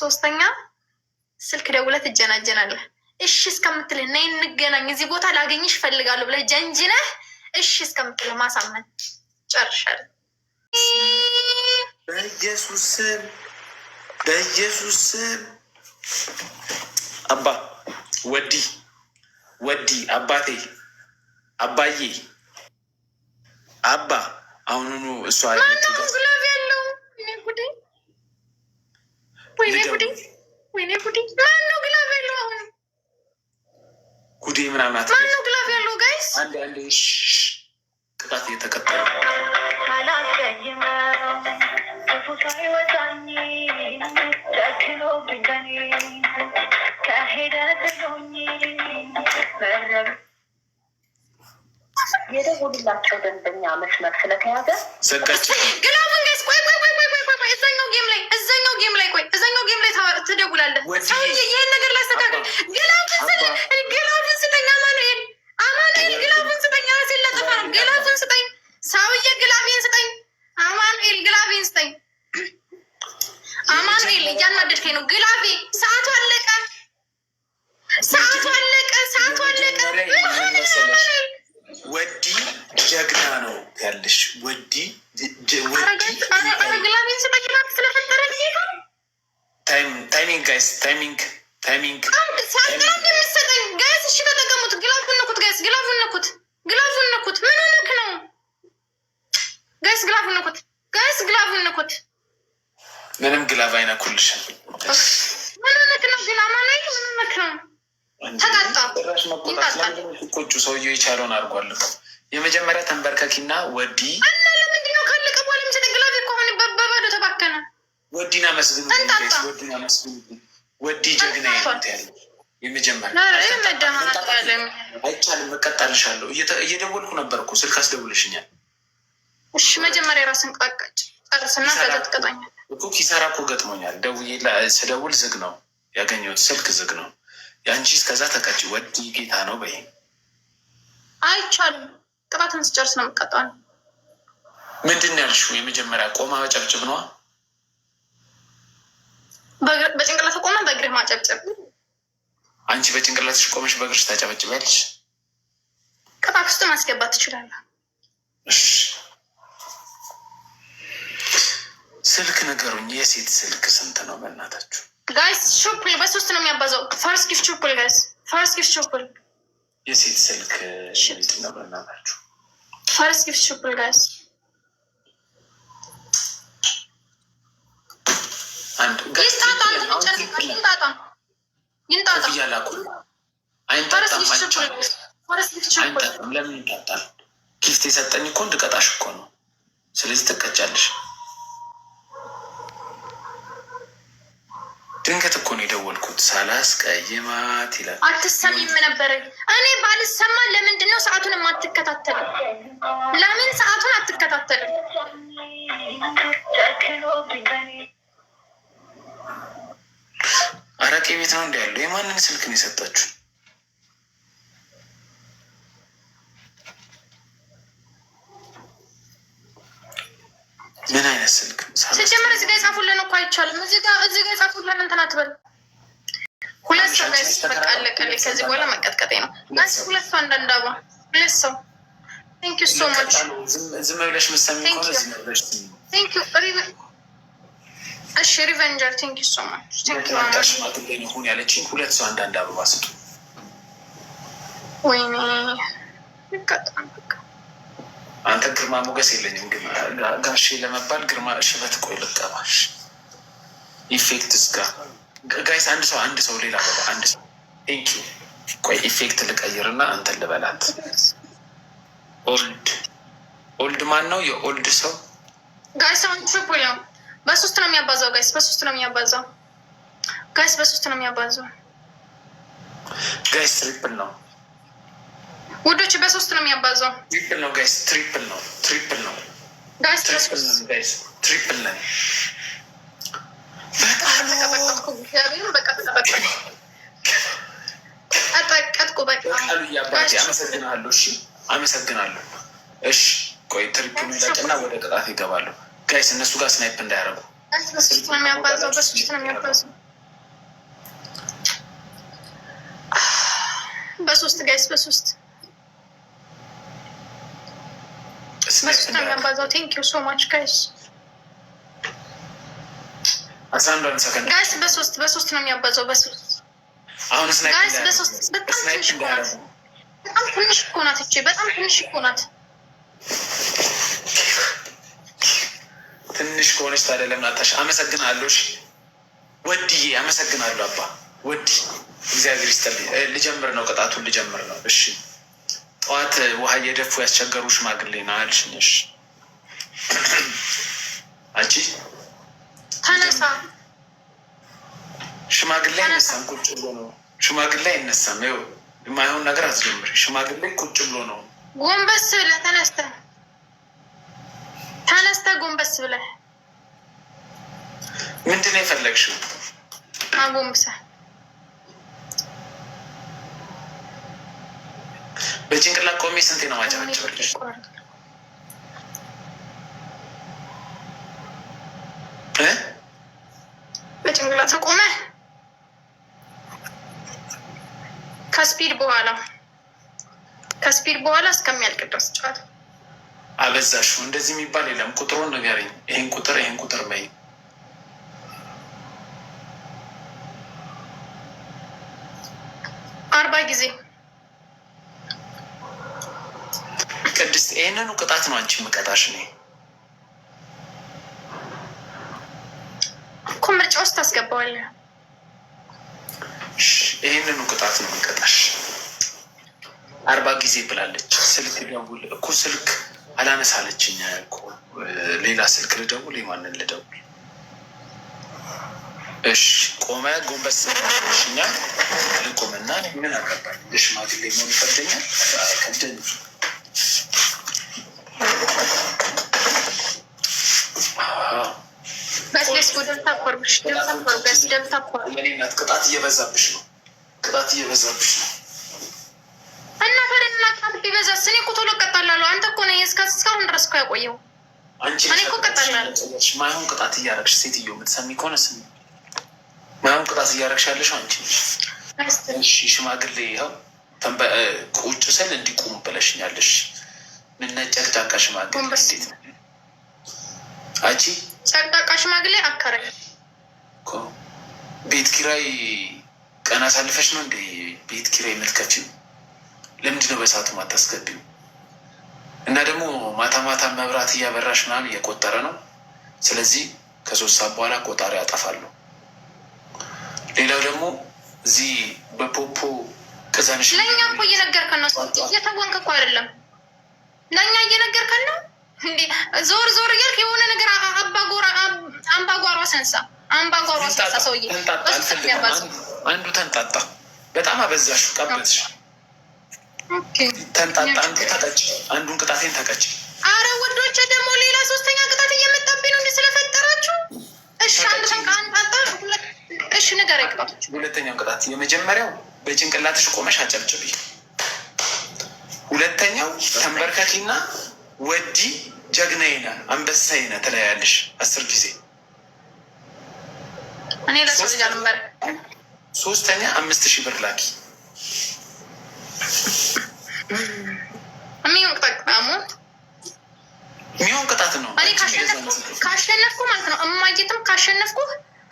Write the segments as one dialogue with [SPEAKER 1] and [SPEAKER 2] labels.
[SPEAKER 1] ሶስተኛ ስልክ ደውለህ ትጀናጀናለህ። እሺ እስከምትልህ ነይ እንገናኝ፣ እዚህ ቦታ ላገኝሽ እፈልጋለሁ ብለህ ጀንጅነህ እሺ እስከምትልህ ማሳመን ጨርሻለሁ።
[SPEAKER 2] በኢየሱስ ስም በኢየሱስ ስም አባ ወዲ ወዲ አባቴ አባዬ አባ አሁኑኑ እሷ
[SPEAKER 1] ወይኔ ጉዴ፣ ወይኔ ጉዴ። ማነው ግላፍ ያለው? አሁን
[SPEAKER 2] ጉዴ ምናምን
[SPEAKER 1] ግላፍ ያለው? ጋይስ
[SPEAKER 2] አንድ አንድ ቅጣት እየተቀጣ
[SPEAKER 1] የደወሉላቸው ደንበኛ መስመር ስለተያዘ ዘጋች። ግላፉን ጋይስ ቆይ ትደውላለህ። ይህን ነገር ላስተካክል። ግላቡን ስጠኝ አማኑኤል፣ አማኑኤል ግላቡን ስጠኝ። ራሴን ላጠፋ ነው። ግላቡን ስጠኝ ሰውዬ፣ ግላቤን ስጠኝ አማኑኤል፣ ግላቤን ስጠኝ አማኑኤል። እያናደድከኝ ነው። ግላቤ ሰዓቱ አለቀ፣ ሰዓቱ አለቀ፣ ሰዓቱ አለቀ።
[SPEAKER 2] ወዲ ጀግና ነው ያለሽ ወዲ ጋይስ ታይሚንግ ታይሚንግ
[SPEAKER 1] የሚሰጠኝ ጋይስ። እሺ ተጠቀሙት። ግላፉን ነኩት ጋይስ፣ ግላፉን ነኩት፣ ግላፉን ነኩት። ምን ሆነክ ነው ጋይስ? ግላፉን ነኩት ጋይስ፣ ግላፉን ነኩት።
[SPEAKER 2] ምንም ግላፍ አይነኩልሽ።
[SPEAKER 1] ምን ሆነክ ነው ግን? አማናዊ ምን ሆነክ ነው?
[SPEAKER 2] ሰውዬው የቻለውን አድርጓል። የመጀመሪያ ተንበርከኪና ወዲህ ወዲና ወዲ ጀግና የመጀመሪያ አይቻልም፣ እቀጣልሻለሁ። እየደወልኩ ነበርኩ ስልክ አስደውልሽኛል።
[SPEAKER 1] እሺ መጀመሪያ ራስን ቃቃጭ ጨርስና ተቀጥቀጣኛል
[SPEAKER 2] እኮ ኪሳራ እኮ ገጥሞኛል። ደውዬ ስደውል ዝግ ነው ያገኘሁት፣ ስልክ ዝግ ነው። የአንቺ እስከዛ ተቀጭ ወዲ ጌታ ነው በይ።
[SPEAKER 1] አይቻልም፣ ቅጣትን ስጨርስ ነው የምትቀጣው።
[SPEAKER 2] ምንድን ያልሽው? የመጀመሪያ ቆማ ጨብጭብ ነዋ
[SPEAKER 1] በጭንቅላት ቆመ በእግርህ ማጨብጨብ።
[SPEAKER 2] አንቺ በጭንቅላትሽ ቆመሽ በእግርሽ ታጨበጭቢያለሽ።
[SPEAKER 1] ቅጣት ውስጥ ማስገባት ትችላለህ።
[SPEAKER 2] ስልክ ነገሩኝ። የሴት ስልክ ስንት ነው? በእናታችሁ
[SPEAKER 1] ጋይስ ሾፕል በሶስት ነው የሚያባዘው። ፈርስት ጊፍት ሹፕል ጋይስ፣ ፈርስት ጊፍት ሹፕል
[SPEAKER 2] የሴት ስልክ ምንድን ነው? በእናታችሁ
[SPEAKER 1] ፈርስት ጊፍት ሹፕል ጋይስ አይንጣጣም።
[SPEAKER 2] ጊፍት የሰጠኝ እኮ እንድቀጣሽ እኮ ነው። ስለዚህ ትቀጫለሽ። ድንገት እኮ ነው የደወልኩት ሳላስቀይማት ይላል።
[SPEAKER 1] አትሰሚም ነበረ። እኔ ባልሰማ ለምንድን ነው ሰዓቱን የማትከታተልም? ለምን ሰዓቱን አትከታተልም?
[SPEAKER 2] አረቄ ቤት ነው እንዲ ያለው። የማንን ስልክ ነው የሰጣችሁ? ምን አይነት ስልክ
[SPEAKER 1] ስጀምር እዚህ ጋ የጻፉልን እኮ አይቻልም። እዚህ ጋ የጻፉልን እንትን አትበል። ሁለት ሰው ጋ በቃ አለቀ። ከዚህ በኋላ መቀጥቀጤ ነው። ናስ ሁለት ሰው እንዳንዳባ ሁለት ሰው ቴንክ ዩ ሶ ማች
[SPEAKER 2] ዝም ብለሽ ምሰሚ ሆነ ዚህ ብለሽ
[SPEAKER 1] ቴንክ ዩ እሺ ሪቨንጀር ቲንክ ዩ ሶ ማች
[SPEAKER 2] ቲንክ ዩ ማሽ ሽማግሌ ሁን ያለችኝ ሁለት ሰው አንዳንድ አበባ ስጡ። ወይኔ አንተ ግርማ ሞገስ የለኝም፣ ግን ጋሼ ለመባል ግርማ ሽበት ቆይ ልቀባሽ ኢፌክት እስጋ ጋይስ አንድ ሰው አንድ ሰው ሌላ አበባ አንድ ሰው ቴንክ ቆይ ኢፌክት ልቀይር እና እንትን ልበላት። ኦልድ ኦልድ ማን ነው የኦልድ ሰው
[SPEAKER 1] ጋይስ አሁን ትሪፕ በሶስት ነው የሚያባዛው ጋይስ፣ በሶስት ነው የሚያባዛው ጋይስ፣ በሶስት ነው የሚያባዛው
[SPEAKER 2] ጋይስ። ትሪፕል ነው
[SPEAKER 1] ውዶች፣ በሶስት ነው የሚያባዛው።
[SPEAKER 2] ትሪፕል ነው ጋይስ፣ ትሪፕል ነው፣ ትሪፕል ነው ጋይስ፣ ትሪፕል ነው። አመሰግናለሁ። እሺ፣ አመሰግናለሁ እሺ፣ ቆይ ትሪፕል ይለቅና ወደ ቅጣት ይገባለሁ። ጋይስ እነሱ ጋር ስናይፕ እንዳያደርጉ
[SPEAKER 1] በሶስት ጋይስ በሶስት በሶስት ነው የሚያባዛው። ቴንክ ዩ ሶ ማች ጋይስ ጋይስ በሶስት በሶስት ነው የሚያባዛው። በሶስት ጋይስ በሶስት በጣም ትንሽ እኮ ናት። በጣም ትንሽ እኮ ናት። በጣም ትንሽ እኮ ናት።
[SPEAKER 2] ትንሽ ከሆነች ታዲያ ለምን አታሽ? አመሰግናለሁ። እሺ ወድዬ አመሰግናለሁ። አባ ወዲ፣ እግዚአብሔር ይስጥልኝ። ልጀምር ነው ቅጣቱን ልጀምር ነው። እሺ ጠዋት ውሃ እየደፉ ያስቸገሩ ሽማግሌ ነው አልሽኝ። እሺ አንቺ ተነሳ። ሽማግሌ አይነሳም ቁጭ ብሎ ነው። ሽማግሌ አይነሳም። ይኸው የማይሆን ነገር አትጀምሪ። ሽማግሌ ቁጭ ብሎ ነው።
[SPEAKER 1] ጎንበስ ብለህ ተነስተህ ተነስተህ ጎንበስ ብለህ
[SPEAKER 2] ምንድን ነው የፈለግሽው? አጎንብሳ በጭንቅላት ቆሜ ስንቴ ነው ማጨበጭበልሽ?
[SPEAKER 1] በጭንቅላት ቆመ ከስፒድ በኋላ ከስፒድ በኋላ እስከሚያልቅ ድረስ ጨዋታ
[SPEAKER 2] አበዛሹ። እንደዚህ የሚባል የለም። ቁጥሩን ንገረኝ። ይህን ቁጥር ይህን ቁጥር በይ አርባ ጊዜ ቅድስት ይህንኑ ቅጣት ነው አንቺ ምቀጣሽ። እኔ
[SPEAKER 1] እኮ ምርጫ ውስጥ አስገባዋለ
[SPEAKER 2] ይህንኑ ቅጣት ነው ምቀጣሽ። አርባ ጊዜ ብላለች። ስልክ ደውል እኮ ስልክ አላነሳለችኝ እኮ ሌላ ስልክ ልደውል፣ የማንን ልደውል እሺ ቆመ ጎንበስ ሽኛ ልቁምና ምን ለሽማግሌ መሆን ቅጣት እየበዛብሽ ነው። ቅጣት እየበዛብሽ ነው
[SPEAKER 1] እና ቅጣት ቢበዛ እኔ እኮ ቶሎ እቀጣላለሁ። አንተ እኮ እስካሁን ድረስ እኮ ያቆየው። እኔ እኮ እቀጣላለሁ።
[SPEAKER 2] ማይሆን ቅጣት እያደረግሽ ሴትዮ የምትሰሚ ከሆነ ስሚ ቅጣት እያደረግሽ አንቺ ሽማግሌ ይኸው ቁጭ ስል እንዲቁም ብለሽኛለሽ። ምነጨቅጫቃ ሽማግሌ አንቺ
[SPEAKER 1] ጨቅጫቃ ሽማግሌ አከረ
[SPEAKER 2] ቤት ኪራይ ቀን አሳልፈሽ ነው እንደ ቤት ኪራይ የምትከፊው? ለምንድን ነው በሰዓቱ ማታስገቢው? እና ደግሞ ማታ ማታ መብራት እያበራሽ ምናምን እየቆጠረ ነው። ስለዚህ ከሶስት ሰዓት በኋላ ቆጣሪ ያጠፋለሁ። ሌላው ደግሞ እዚህ በፖፖ ከዛንሽ
[SPEAKER 1] ለእኛ እኮ እየነገርከን ነው። እየተወንክ እኮ አይደለም ለእኛ እየነገርከን ነው። እንዴ ዞር ዞር እያልክ የሆነ ነገር አምባጓሮ አምባጓሮ ሰንሳ አምባጓሮ ሰንሳ ሰውዬ
[SPEAKER 2] አንዱ ተንጣጣ። በጣም አበዛሽ፣ ቀበትሽ ተንጣጣ። አንዱ ተቀጭ፣ አንዱን ቅጣቴን ተቀጭ።
[SPEAKER 1] አረ ወዶች ደግሞ ሌላ ሶስተኛ ቅጣት እየመጣብኝ ነው። እንዲ ስለፈጠራችሁ እሺ አንድ ተንቃ አንጣጣ እሺ ነገር ቅጣቶች።
[SPEAKER 2] ሁለተኛው ቅጣት የመጀመሪያው በጭንቅላትሽ ቆመሽ አጨብጭቢ። ሁለተኛው ተንበርከኪና ወዲ ጀግናዬ ነህ አንበሳዬ ትለያለሽ አስር ጊዜ። ሶስተኛ አምስት ሺህ ብር ላኪ። የሚሆን ቅጣት ቅጣት ነው።
[SPEAKER 1] ካሸነፍኩ ማለት ነው እማጌትም ካሸነፍኩ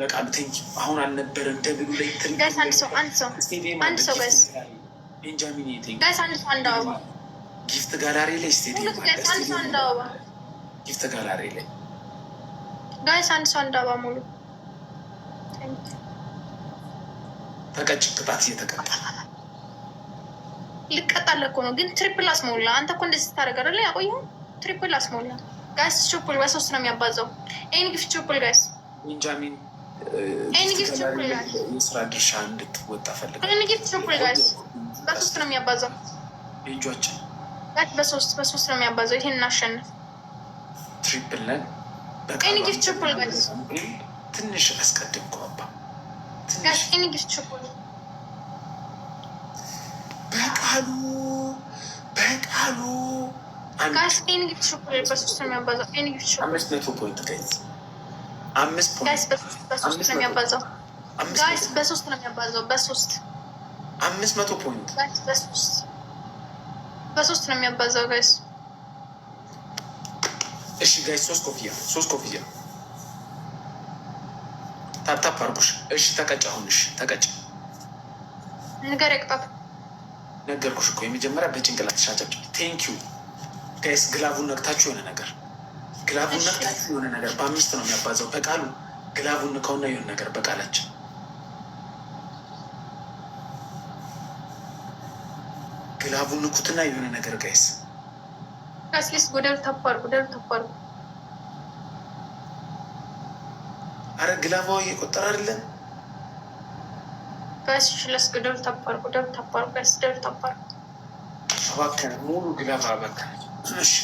[SPEAKER 2] በቃ ብትይ አሁን አልነበረም። ደብሉ ላይ
[SPEAKER 1] ጋይስ አንድ ሰው አንድ ሰው አንድ ሰው ጋይስ
[SPEAKER 2] ቤንጃሚን የትኝ
[SPEAKER 1] ጋይስ አንድ ሰው አንድ አበባ
[SPEAKER 2] ጊፍት ጋላሪ ላይ ስቴዲየም
[SPEAKER 1] ጋይስ አንድ ሰው አንድ አበባ
[SPEAKER 2] ጊፍት ጋላሪ ላይ
[SPEAKER 1] ጋይስ አንድ ሰው አንድ አበባ ሙሉ
[SPEAKER 2] ተቀጭ ቅጣት እየተቀጣ
[SPEAKER 1] ልቀጣለ እኮ ነው ግን ትሪፕል አስሞላ። አንተ እኮ እንደዚህ ታደርጋለህ። ያቆየው ትሪፕል አስሞላ ጋይስ ቹፕል በሶስት ነው የሚያባዛው ይህን ጊፍት ቹፕል ጋይስ ቤንጃሚን የስራ ድርሻ እንድትወጣ ፈልጋል። ነው የሚያባዛው እጇችን በሶስት በሶስት ነው የሚያባዛው። ይሄን እናሸንፍ።
[SPEAKER 2] ትሪፕል ነን። ትንሽ አስቀድም ከባ በቃሉ በቃሉ
[SPEAKER 1] አምስት መቶ ፖይንት በሶስት ነው የሚያባዛው ጋይስ በሶስት ነው የሚያባዛው። በሶስት
[SPEAKER 2] አምስት መቶ ፖይንት
[SPEAKER 1] በሶስት ነው የሚያባዛው ጋይስ።
[SPEAKER 2] እሺ ጋይስ ሶስት ኮፍያ ሶስት ኮፍያ አርጉሽ። እሺ ተቀጭ፣ ተቀጭ። ነገርኩሽ እኮ የመጀመሪያ በጭንቅላት ሻጨብጭ። ቴንኪዩ ጋይስ። ግላቡን ነግታችሁ የሆነ ነገር ግላቡን ነፍታችሁ የሆነ ነገር በአምስት ነው የሚያባዘው በቃሉ ግላቡን ንካውና የሆነ ነገር በቃላችን ግላቡን ንኩትና የሆነ ነገር ጋይስ
[SPEAKER 1] አትሊስት ጎደር ተኳር ጎደር ተኳር
[SPEAKER 2] አረ ግላቧ እየቆጠረ አይደለም
[SPEAKER 1] ጋይስ ሽለስ ጎደር ተኳር ጎደር ተኳር ደር ተኳር
[SPEAKER 2] እባክህ ሙሉ ግላብ አባክህ እሺ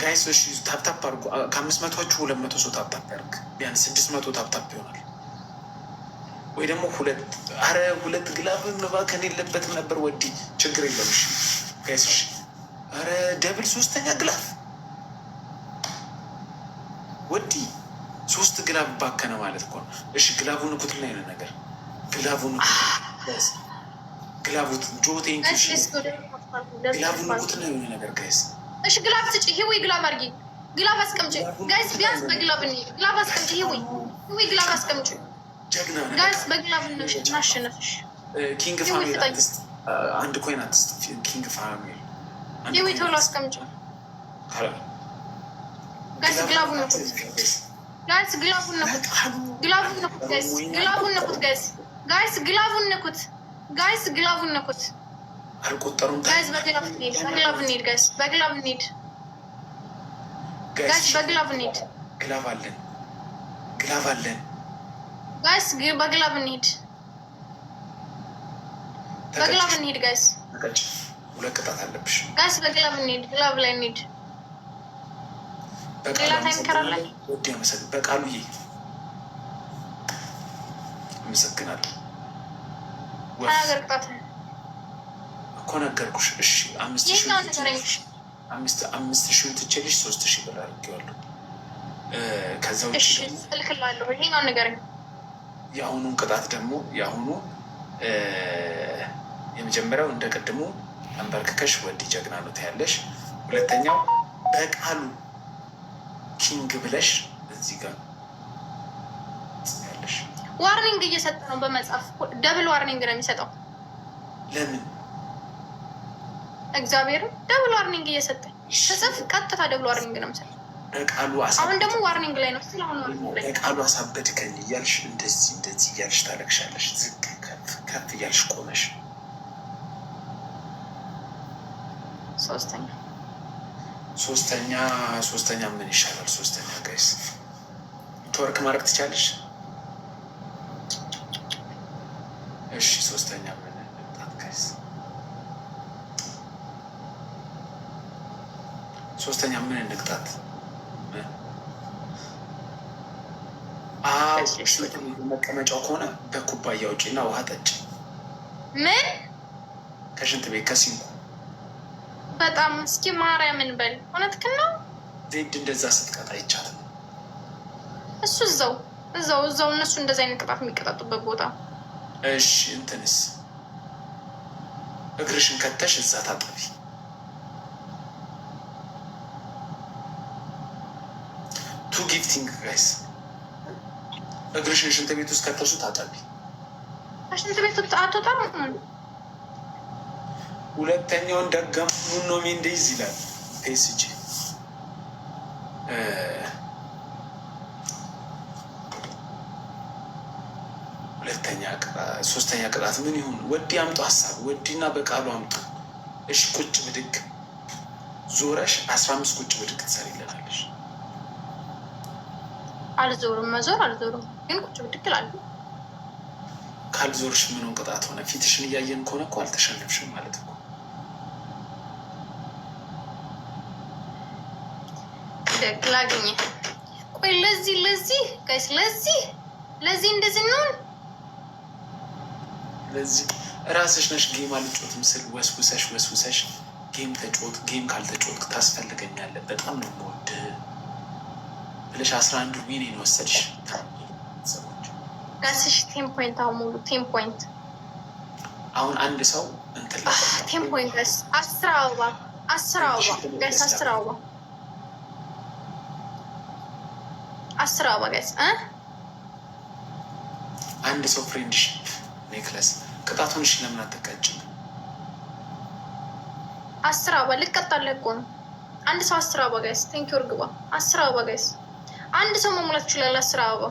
[SPEAKER 2] ጋይሶች ታፕታፕ አድርጉ። ከአምስት መቶዎቹ ሁለት መቶ ሰው ታፕታፕ ያርግ። ቢያንስ ስድስት መቶ ታፕታፕ ይሆናል። ወይ ደግሞ ሁለት አረ ሁለት ግላብ መባከን የለበትም ነበር። ወዲ ችግር የለም ጋይሶች። አረ ደብል ሶስተኛ ግላፍ ወዲ ሶስት ግላብ ባከነ ማለት እኮ ነው። እሺ ግላቡን ኩትና ነው ነገር ግላቡን ግላቡት ጆቴን ግላቡን ኩትና ነው ነገር ጋይስ
[SPEAKER 1] እሺ ግላፍ ስጪ ሂዊ ግላፍ አድርጊ ግላፍ አስቀምጪ ጋይስ ቢያንስ በግላፍ እኔ ግላፍ አስቀምጪ ሂዊ ሂዊ ግላፍ አስቀምጪ ጋይስ በግላፍ እናሸነፍሽ
[SPEAKER 2] ኪንግ ፋሚሊ አንድ ኮይን አትስጥ ኪንግ ፋሚሊ
[SPEAKER 1] ሂዊ ቶሎ አስቀምጪ ጋይስ ግላፉን ነኩት ጋይስ ግላፉን ነኩት ግላፉን ነኩት ጋይስ ግላፉን ነኩት ጋይስ ጋይስ ነኩት ጋይስ ግላፉን ነኩት አልቆጠሩም። ጋይዝ በግላብ እንሂድ፣ በግላብ እንሂድ፣ ጋይዝ በግላብ እንሂድ፣ ጋይዝ በግላብ እንሂድ።
[SPEAKER 2] ግላብ አለን፣ ግላብ አለን።
[SPEAKER 1] ጋይዝ በግላብ እንሂድ፣ በግላብ እንሂድ። ጋይዝ
[SPEAKER 2] ሁለት ቅጣት አለብሽ።
[SPEAKER 1] ጋይዝ በግላብ እንሂድ፣ ግላብ ላይ እንሂድ። ሌላ ታይም ከራለን።
[SPEAKER 2] ወድ መሰግ በቃሉዬ አመሰግናለሁ። ሀገር ቅጣት እኮ ነገርኩሽ። እሺ አምስት ሺ ትችልሽ ሶስት ሺ ብር አድርጌዋለሁ። ከዛ ውጭ ይሄኛው ነገር የአሁኑን ቅጣት ደግሞ የአሁኑ የመጀመሪያው እንደ ቅድሙ አንበርክከሽ ወዲ ጀግና ነው ትያለሽ። ሁለተኛው በቃሉ ኪንግ ብለሽ እዚህ ጋር
[SPEAKER 1] ዋርኒንግ እየሰጠ ነው። በመጽሐፍ ደብል ዋርኒንግ ነው የሚሰጠው ለምን እግዚአብሔርን ደብል ዋርኒንግ እየሰጠኝ ስጽፍ ቀጥታ ደብል ዋርኒንግ ነው የምሰጠው። አሁን ደግሞ ዋርኒንግ ላይ ነው።
[SPEAKER 2] በቃሉ አሳበድከኝ እያልሽ እንደዚህ እንደዚህ እያልሽ ታለቅሻለሽ። ዝቅ ከፍ እያልሽ ቆመሽ ሶስተኛ ሶስተኛ ሶስተኛ ምን ይሻላል? ሶስተኛ ጋይስ ትወርክ ማድረግ ትቻለሽ። እሺ ሶስተኛ ሶስተኛ ምን እንቅጣት? መቀመጫው ከሆነ በኩባያ ውጪ እና ውሃ ጠጭ። ምን ከሽንት ቤት ከሲንኩ
[SPEAKER 1] በጣም እስኪ ማርያምን በል። እውነትህን ነው።
[SPEAKER 2] ዜድ እንደዛ ስትቀጣ አይቻልም።
[SPEAKER 1] እሱ እዛው እዛው እዛው እነሱ እንደዚ አይነት ቅጣት የሚቀጣጡበት ቦታ።
[SPEAKER 2] እሺ እንትንስ እግርሽን ከተሽ እዛ ታጠቢ ጊፍቲንግ ጋይስ እግርሽን ሽንት ቤት ውስጥ ከተሱ ታጠቢ።
[SPEAKER 1] ሽንት ቤት ውስጥ አትወጣም።
[SPEAKER 2] ሁለተኛውን ደገም ኖ ሜንዴዝ ይላል ፔስጂ ሁለተኛ ሶስተኛ ቅጣት ምን ይሁን? ወዲ አምጡ ሀሳብ ወዲና በቃሉ አምጡ። እሽ ቁጭ ብድግ ዞረሽ አስራ አምስት ቁጭ ብድግ ትሰሪለናለሽ።
[SPEAKER 1] አልዞርም፣ መዞር አልዞርም፣ ግን ቁጭ ብድግ እላለሁ።
[SPEAKER 2] ካልዞርሽ ምን ቅጣት ሆነ? ፊትሽን እያየን ከሆነ እኮ አልተሸነፍሽም ማለት እኮ።
[SPEAKER 1] ደግ ላግኝ። ቆይ ለዚህ ለዚህ ጋይስ ለዚህ ለዚህ እንደዚህ እንሆን
[SPEAKER 2] ለዚህ ራስሽ ነሽ ጌም አልጮትም ስል ወስውሰሽ ወስውሰሽ ጌም ተጮት ጌም ካልተጮት ታስፈልገኛለ በጣም ነው የምወድህ ብለሽ አስራ አንዱ ነው ወሰድሽ።
[SPEAKER 1] ራስሽ ቴን ፖይንት አሁን ሙሉ ቴን ፖይንት
[SPEAKER 2] አሁን አንድ ሰው
[SPEAKER 1] ቴን ፖይንት ስ አስር አበባ አስር አበባ ገስ አስር አበባ አስር አበባ ገስ
[SPEAKER 2] አንድ ሰው ፍሬንድሽፕ ኔክለስ ቅጣቱንሽ ለምን አትቀጭም?
[SPEAKER 1] አስር አበባ ልቀጣለ እኮ ነው። አንድ ሰው አስር አበባ ገስ ቴንኪ ወርግባ አስር አበባ ገስ አንድ ሰው መሙላት ይችላል። አስር አበባ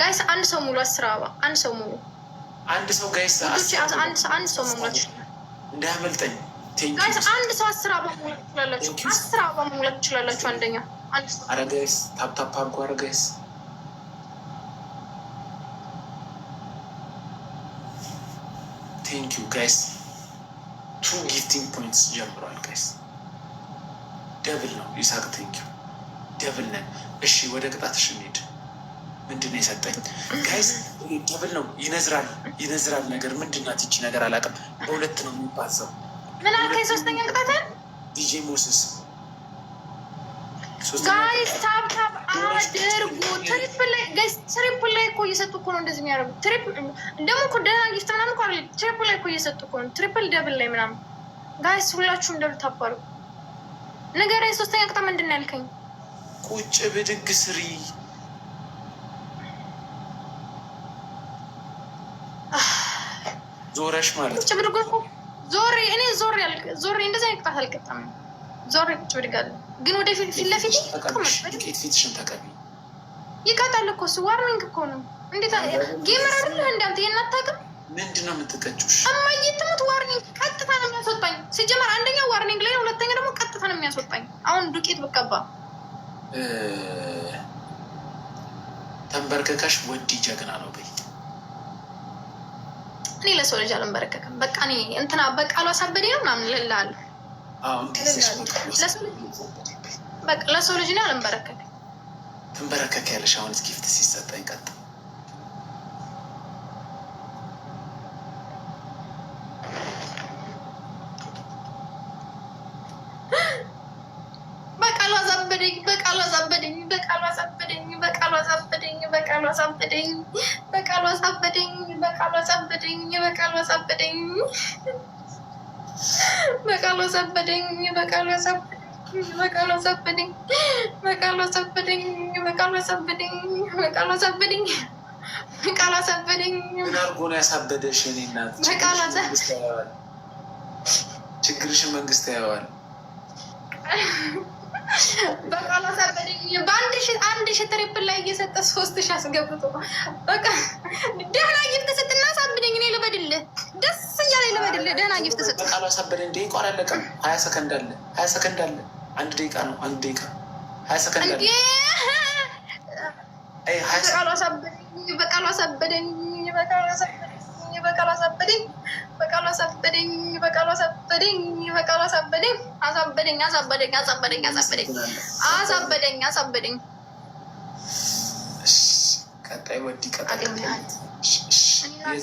[SPEAKER 1] ጋይስ፣ አንድ ሰው ሙሉ። አስር አበባ አንድ ሰው ሙሉ።
[SPEAKER 2] አንድ ሰው ጋይስ፣
[SPEAKER 1] አንድ ሰው መሙላት ይችላል።
[SPEAKER 2] እንዳያመልጠኝ ጋይስ፣
[SPEAKER 1] አንድ ሰው አስር አበባ መሙላት ትችላላችሁ። አስር አበባ መሙላት ትችላላችሁ። አንደኛ
[SPEAKER 2] አረ ጋይስ፣ ታፕታፕ አድርጎ አረ ጋይስ ቴንኪዩ ጋይስ ቱ ጊፍቲንግ ፖይንትስ ጀምሯል ጋይስ፣ ደብል ነው ይሳቅ። ቴንኪዩ ደብል ነን። እሺ ወደ ቅጣትሽ እንሂድ። ምንድን ነው የሰጠኝ? ጋይስ ደብል ነው። ይነዝራል፣ ይነዝራል። ነገር ምንድን ናት ይቺ ነገር? አላውቅም። በሁለት ነው የሚባዘው።
[SPEAKER 1] ምን አልከኝ? ሶስተኛ ቅጣትን
[SPEAKER 2] ዲጄ ሞስስ
[SPEAKER 1] ጋይስ ታብ ታብ አድርጉ። ትሪፕል ላይ ጋይስ ትሪፕል ላይ እኮ እየሰጡ እኮ ነው እንደዚህ የሚያደርጉት። ትሪፕል ደግሞ እኮ ደህና ጊፍት ምናምን እኮ አይደለም። ትሪፕል ላይ እኮ እየሰጡ እኮ ነው። ትሪፕል ደብል ላይ ምናምን ጋይስ ሁላችሁም ደብል ታባሉ። ንገረኝ፣ ሶስተኛ ቅጣት ምንድን ነው ያልከኝ?
[SPEAKER 2] ቁጭ ብድግ ስሪ። ዞረሽ ማለት
[SPEAKER 1] ቁጭ ብድግ ዞሬ እኔ ዞሬ ዞሬ እንደዚህ አይነት ቅጣት አልቀጣም። ዞሬ ቁጭ ብድግ አለ ግን ወደ ፊት
[SPEAKER 2] ለፊት ፊትሽን ተቀቢ
[SPEAKER 1] ይቀጣል እኮ እሱ ዋርኒንግ እኮ ነው። እንዴት ጌመር አይደለህ እንዳንተ የናታቅም
[SPEAKER 2] ምንድን ነው የምትቀጭሽ?
[SPEAKER 1] እማዬ ትሙት ዋርኒንግ ቀጥታ ነው የሚያስወጣኝ። ሲጀመር አንደኛው ዋርኒንግ ላይ ነው፣ ሁለተኛ ደግሞ ቀጥታ ነው የሚያስወጣኝ። አሁን ዱቄት ብቀባ
[SPEAKER 2] ተንበርክከሽ ወዲ ጀግና ነው በይ።
[SPEAKER 1] እኔ ለሰው ልጅ አልንበረከክም። በቃ እኔ እንትና በቃሉ አሳበዴ ነው ምናምን ልልሃል። ለሰው ልጅ ነው አልንበረከክም።
[SPEAKER 2] ትንበረከክ ያለሽ አሁን ጊፍት ሲሰጠኝ ቀጥ
[SPEAKER 1] አሳበደኝ፣ በቃሉ አሳበደኝ፣ በቃሉ አሳበደኝ፣ በቃሉ አሳበደኝ፣ በቃሉ አሳበደኝ፣ በቃሉ አሳበደኝ፣ በቃሉ አሳበደኝ፣ በቃሉ አሳበደኝ፣ በቃሉ አሳበደኝ፣ በቃሉ አሳበደኝ በቃሉ አሳበደኝ በቃሉ አሳበደኝ በቃሉ አሳበደኝ በቃሉ አሳበደኝ በቃሉ አሳበደኝ።
[SPEAKER 2] ምን አድርጎ ነው ያሳበደሽ? እኔ እናት ችግርሽን መንግስት ያየዋል።
[SPEAKER 1] በቃላት አበደኝ። በአንድ ሺ አንድ ሺ ትሪፕል ላይ እየሰጠ ሶስት ሺ አስገብቶ በቃ ደህና ጊፍት ስጥና አሳብደኝ። እኔ ልበድልህ፣ ደስ እያለኝ ልበድልህ። ደህና ጊፍት ስጥ።
[SPEAKER 2] በቃላት አሳበደኝ። ደቂቃ አላለቀም። ሀያ ሰከንድ አለ፣ ሀያ ሰከንድ አለ። አንድ ደቂቃ ነው። አንድ ደቂቃ ሀያ ሰከንድ አለ። በቃላት
[SPEAKER 1] አሳበደኝ። በቃላት አሳበደኝ። በቃላት አሳበደኝ በቃሉ አሳበደኝ፣ በቃሉ አሳበደኝ፣ በቃሉ አሳበደኝ፣ በቃሉ አሳበደኝ፣ አሳበደኝ፣ አሳበደኝ፣ አሳበደኝ፣ አሳበደኝ፣ አሳበደኝ፣ አሳበደኝ። ቀጣይ ወዲ ቀጣይ